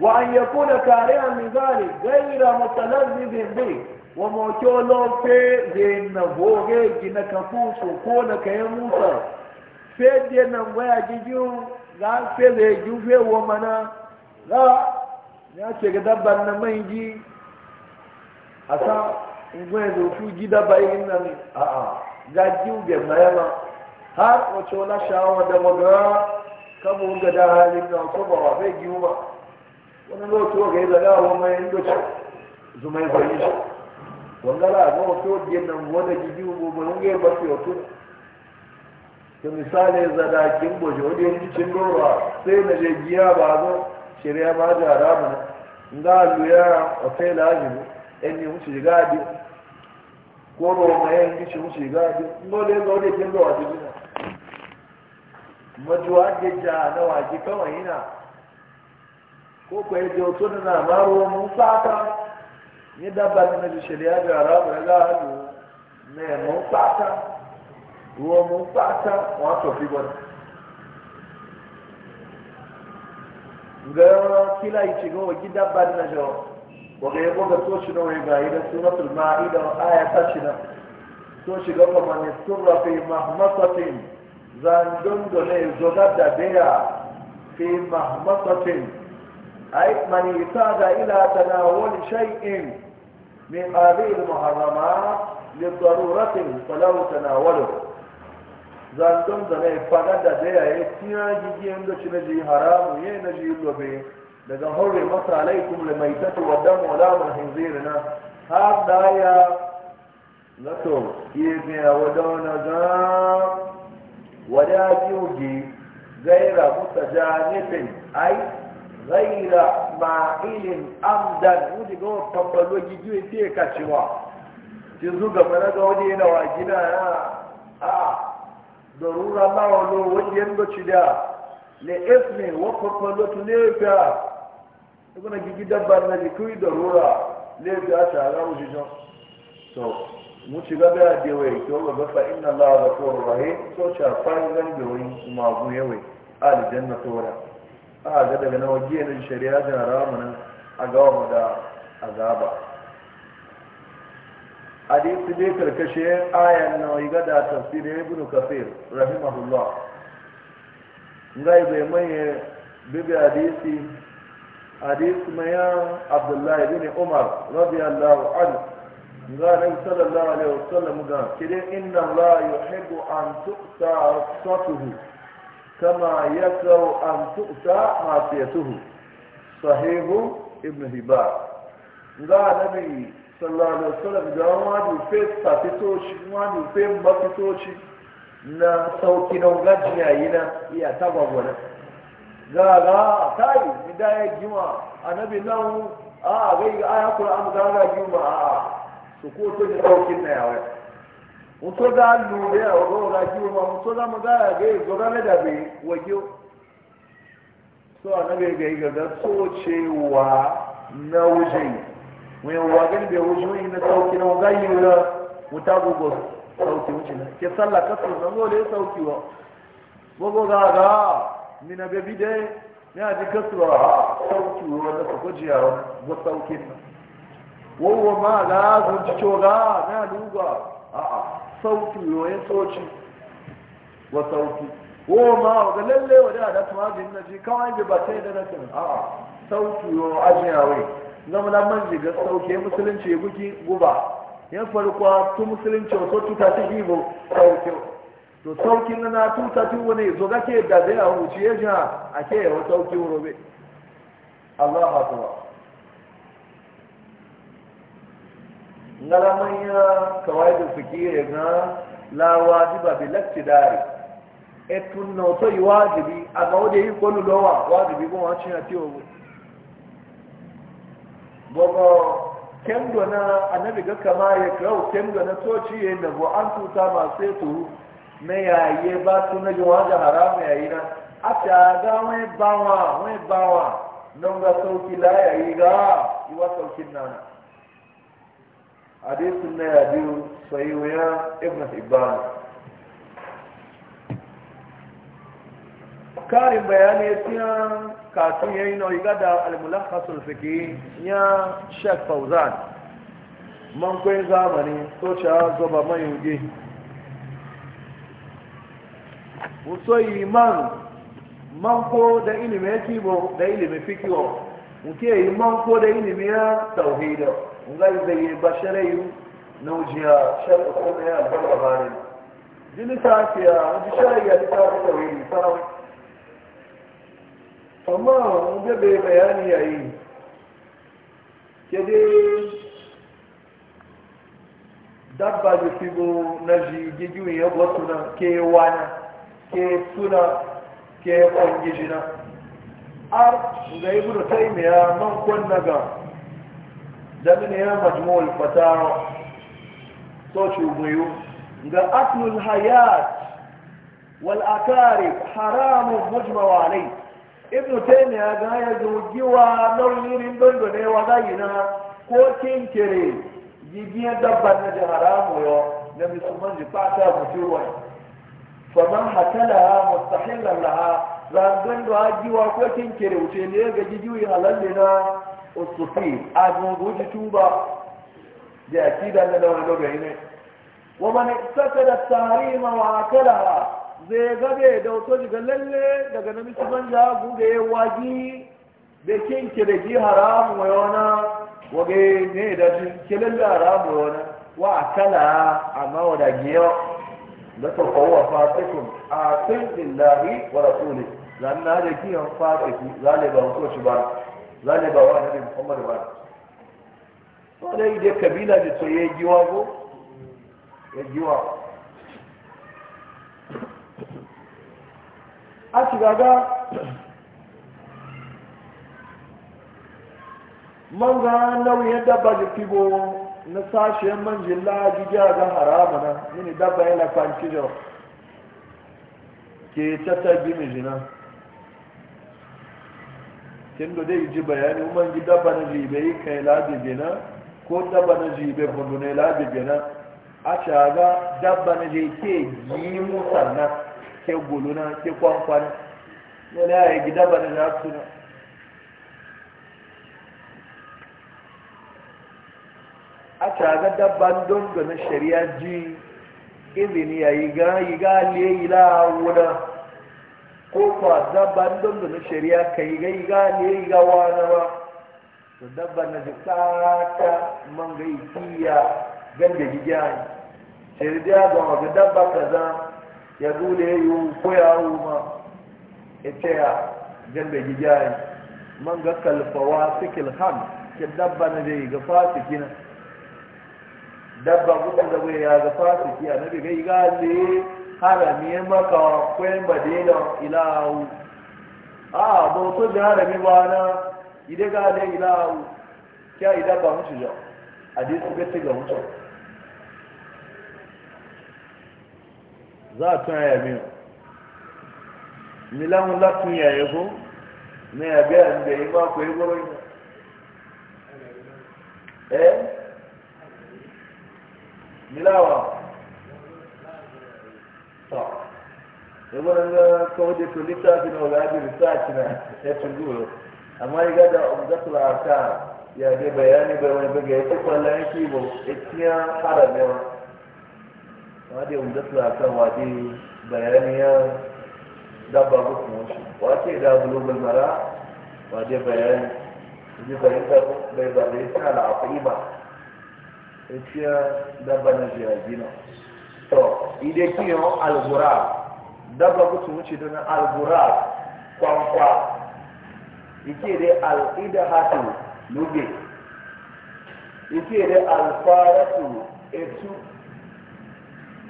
wa an yakuna kariya min zalik gaira mutalazzizin bai wa mawkyo lofe zai na goge, gina kafin su ko na kayan musa fede nan waya jiju za fede jufe wa mana za ya ce ga dabban na mai ji a sa ngwe zo su ji dabba yin nan a a ga na ya mayama har wace wala shawa da maga kabo ga da halin da ko ba wa bai jiu ba wani lokaci ga yi zaga wa mai indoci zumai bai shi wangala ga wato din nan wanda jiju gobe ne ba su yau Ka misali zadakin boje wani yankicin dora sai na je giya ba zo shirya ba da haramu na ga luya ya zaune kin dora su gina majuwa ke ja na waki kawai ya je wato na maro mun sata ni dabba na ji na ne ìwọ ọmọ pátá wọn atọ fi gbọdọ ga kila ichi ga waji dabba na jawo waga yabo ga so shi na wai ga idan suratul ma'ida aya ta shi na so shi ga kuma ne surra fi mahmasatin zandun da ne zoga da beya fi mahmasatin ai mani tada ila tanawul shay'in min hadhihi al-muharramat للضرورة فلو تناوله zandon da nai fada da daya ya tiya gigiyan da cina ji haramu ya na ji lobe daga hore masa alaikum da mai tatu wa damu alamar hinzirina har da ya nato iya gaya wa dauna ga wada jiwugi gaira musa ma'ilin amdan wuji ga wata fabbalo gigiyo e ya kacewa ki zuga mana ga gida ya ah. ضرورة الله ولو وجهن بشدا لإثم وقف لك ليبيا يقول لك جدا بنا لكي ضرورة ليبيا تعالى وجهن so mu ci gaba da yawai to gaba fa inna allaha ghafurur rahim so cha da wani magu yawai aljanna tora a ah, ga daga nawa giya na shari'a da da azaba hadisi ne karkashe ayan na iga da tafsirin ibn kafir rahimahullah ngai bai manye bibi hadisi hadisi mayan abdullahi bin umar radiyallahu anhu nga nabi sallallahu alaihi wasallam ga kide inna la yuhibbu an tuqta satuhu kama yakrahu an tuqta ma'siyatuhu sahihu ibn hibban nga nabi sallallahu alaihi wasallam ga wani fe tafitoci wani fe mafitoci na sauki na gajiya yi na iya tagwagwana ga ga kai ya gima A annabi nan a gai aya qur'an ga ga gima a su ko to ne saukin na yawa mutu da lube a ga ga gima mutu da maga ga gai gora da be wajo so annabi ga ga so cewa na wuce mu yau wagan bai wuce wani na sauki na wagan yi wula wuta gogo sauki wuce na ke sallah kasu na zo da ya sauki wa gogo ga ga mina bebi dai ne a ji kasu wa sauki wa da su kujiya wa ba sauki na wawo ma ga sun ci coga na duba a'a sauki wa ya soci wa sauki wawo ma ga lalle wa da da tumajin na ji kawai bai ba ta yi da na a'a sauki wa ajiyawai ngam la man diga sauke musulunci guki guba yan farko tu musulunci wato tuta ta ibo sauke to saukin na tuta tu wani zo gake da zai a wuce ya ja ake yawa sauki robe Allah akbar ngala manya kawai da fikire na la wajiba bil iktidari etun no to wajibi aga ode yi kolu lowa wajibi ko wa cin ati obo bogo kendo na annabi ga kama ya kawo kendo na toci ya da bo an tuta ma sai to me yaye ba su na jawa haram ya yayi na a ta ga wai bawa wai bawa non ga sauki la yayi ga iwa saukin nan hadisin na ya biyu sai ya ibn hibban karin bayani ya katun yayi na iga da al-mulakhasul fiqhi ya Sheikh Fauzan man koyi zamani to cha zoba mai yuje musoyi man man ko da ilimin kibo da ilimin fikiwa Nke yi man ko da ilimin ya tauhida ngai zai yi basharai na ujiya shar'a kuma ya albarka bani jini ta fiya uji shari'a ta tauhidi sarawai amma wanda bai bayani yayi ke dai dabba da fibo na jigigiyun ya wasu na ke wana ke suna ke kwangijina ar ga ibu da taimiya man kwanna ga damini ya majmuwar fatawa so shugayu ga aslul hayat wal akari haramun mujmawa alai ibn taymiya ga ya jogiwa nauyin dondo ne wa ga yina ko kinkire jigiyar dabba na da haramu yo na musulman ji fata mutuwa faman hatalaha mustahillan laha ran dondo ajiwa ko kinkire wuce ne ga jijiyoyi halalle na usufi a gunguji tuba da akida na da wani dogayi ne ومن اقتصد التحريم واكلها zai gabe da wato daga lalle daga na misu ban ja gude waji da kinke da ji haramu wa yana wage ne da kinke lalle haramu wa yana wa akala amma wa da giyo da ta kowa fasikun a sun lillahi wa rasuli zanna da kiyon fasiki ba wato shi ba ba wa nabi muhammad ba to dai da kabila da to ya giwa go ya giwa a shigaga man ga nauyin dabba da fibo na sashen man jilla jijiya ga harama na mini dabba ya kwanci da ke tata gini jina kin da dai ji bayani man ji dabba na jibe yi kai labi gina ko dabba na jibe fundu ne labi gina a shaga dabba na je ke yi musanna ke gulu na ke kwankwana na na ya gida ba da na suna a taga dabban don na shari'a ji izini ya yi ga yi ga le yi la wuna ko kwa dabban don na shari'a ka yi ga yi ga le yi ga na ba to dabban na ji tsata man ga yi kiya gan da gigiya ne shari'a ga dabba kaza ya zule yi koya yawo ma ita ya jambe gijaye man ga kalfawa sikil ham ke dabba na zai ga fasiki na dabba kuma da bai ya ga fasiki a nabi ga yi ne harami ya maka kwayan badina ilahu a bautu da harami ba na ide ga ne ilahu kya idabba mutu jau a dai su ga ga mutu za a tún àyà mi o mi láwọn látún yà yẹ fún mi àbí àǹdẹ yìí bá pè é gbọ́dọ̀ yìí ẹ mi láwà tọ ebo na nga kawo de to litafi na oga adi research na ẹtun duro amma yi gada ọmọdé ya de bayani bai wani bai ya ci kwallon ya ci bo ya tiya hada mewa wadda yawon da suna kan wadda bayaniyar dabba hukun wasu wace da global mara wadda bayani ji fahimta bai ba da yasa da akwai ba ita dabba na jiragi na to ide kiyon algura dabba hukun wuce don algura kwankwa ike dai al'ida hatu lube ike dai alfaratu etu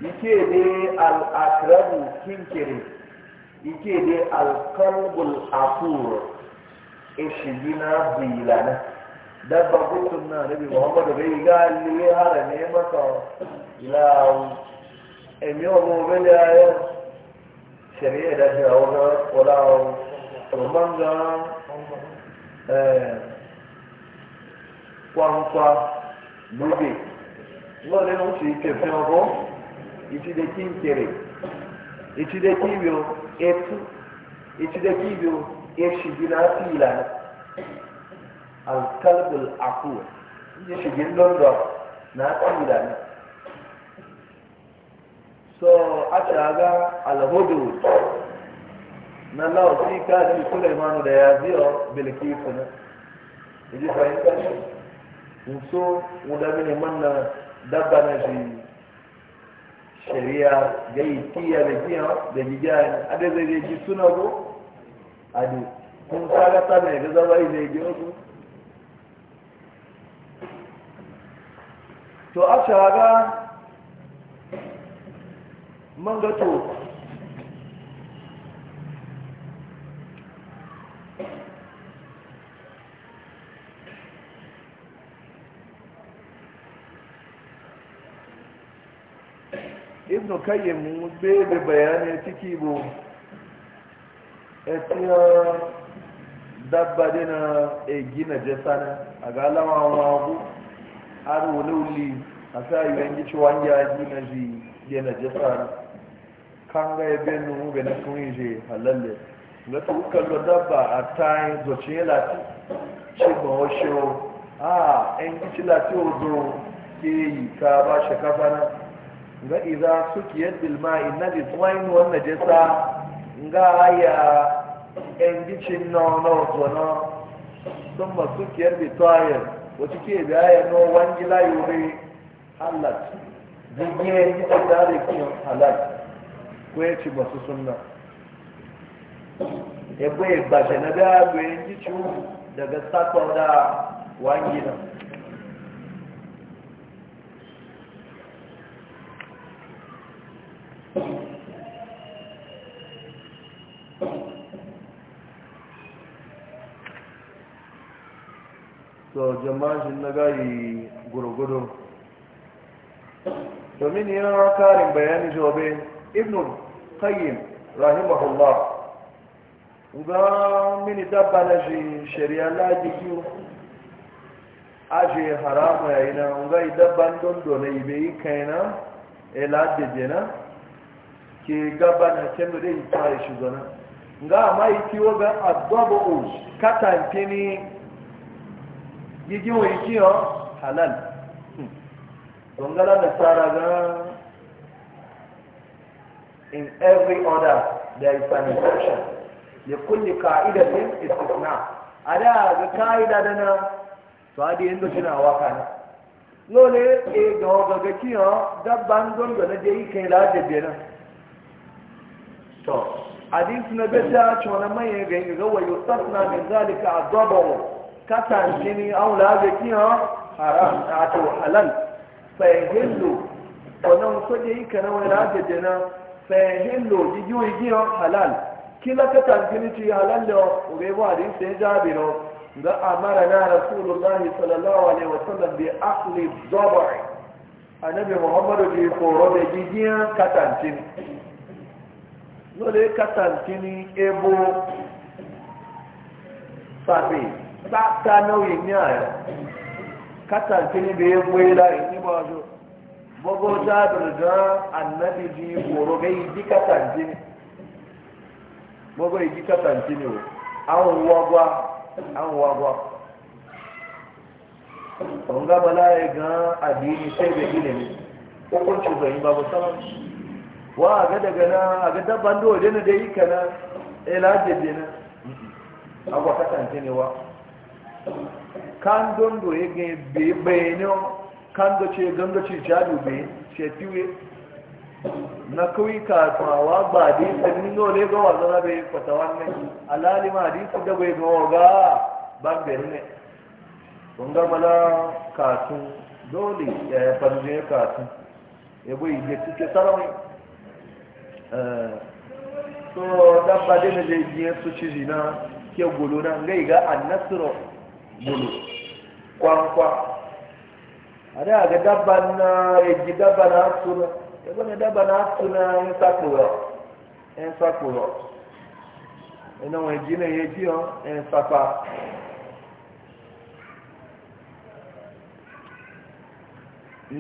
yake ne al'akrabu kinkiri yake ne alkalbul afur ishigina bilana dabba gutsun na nabi muhammadu bai ga liye hara ne maka ilawu emi ọmọ obele ayọ shari'a da shi a wani ọlọ́run ga eh. kwankwa lóde wọ́n lẹ́nu ti kẹfẹ́ ọkọ̀ içideki inkere, içideki bir eti, içideki bir eşidilatıyla al-kalbul akul, eşidin londo, na kamila ne. So, aşağıda al-hudud, na lausi kazi Süleyman'ı da yazıyor, bilkisini. İci fahimta ne? Musu, da manna, dabba na jini. shari'a ga yi kiya da kiya da gigiya a da zai ji suna ko a ne kun sagata mai da zama yi zai ji wasu to a shaga man gato ibn kayyim bai da bayani ciki bu etiya dabba dina e gina jasana a ga alama wagu har wuli a sa yi yanki ci wani ya gina shi gina jasana kan ga ebe nuhu ga na sun je halalle na tukkan da dabba a ta yi zoci ya lati ci ba washe a yanki ci lati ozo ke yi ka ba shi kafa na ga iza suki yadda ilma ina bi tsohon wanda jesa ga ya yan gicin na wani wato na sun ma suki yadda tsohon wacce ke da ya no wani layu ne halat jirgin yan gita da da ke halat ko ya ci masu sunna ya bai bashe na da ya yan gicin daga sakwa da wani gina. so jama'ashin na gari gurgudu domin yana karin bayani jobe ibnul kayyim rahimahullah ga mini dabba na shi shari'a lajiki aje haramu yayi na ga dabban don dona ibe yi kaina eladeje na ke gaba na kendo da ta yi shi zana ga ma yi kiwo ga adwabo o katanke ni gigin wa yi halal dongala hmm. da tsara ga in every order there is an exception kulle ka'ida qa'idatin istisna da, ga ka'ida da na to adi yanda kina waka na lole e ga ga kiyo dabban don da yi kai la da na to hadisi na gaskiya cewa manyan gani ga wayo tasna min zalika azabahu kasance ni an labe kiyo haram a to halal fa yahillu wannan kuje yi kana wani labe jana fa yahillu jiyo jiyo halal kila kasance ni ci halal da ubewa hadisi ya jabiro ga amara na rasulullahi sallallahu alaihi wasallam bi aqli dhabi annabi muhammadu bi koro da jijiyan kasance lórí kátàkìní ebo sàbí sáta náà ní àyà kátàkìní bí ebo yìí láyé níbo gbogbo jábìrì ànábì di wòrò bẹ́ẹ̀ yìí di gbogbo yìí di o àwọn òwò ọgbà àwọn òwò ọgbà gan ní ó wa a ga daga na a ga dabban da waje na da yi kana ilajen eh, da na agwa kasance ne wa kan don do ya ga bayani kan do ce ganga ce jadu bayan ce fiye na kawai kasuwa ba da yi sannin dole ga wa zara bai fata wannan alalima hadisi da bai ga wa ga bangare ne kun ga mala kasu dole eh, ya yi ya kasu ya bai yi ya cike sarawai Eh, so dabba ba dai da jiye su ciji na ke gulo na ngai ga annasro gulo kwankwa a da ga dabba na yaji na suna ya gwada dabba na suna yin sakura yin sakura ina wani ya ji yin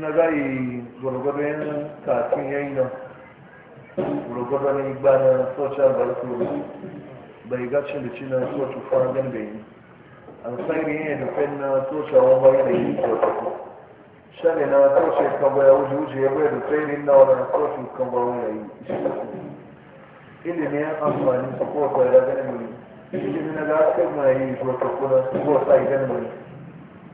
na zai gwargwado yin kafin gurgurda na igba na socha barko bai gacin da cina socha fara gan yi an sairi yin edufin na socha wani bayan da yi socha shani na socha kan baya wuce wuce ya bai da sairi na wani socha kan baya wuce yi ilimin amfani su ko sai da mai ilimin na ga mai yi sai ganin mai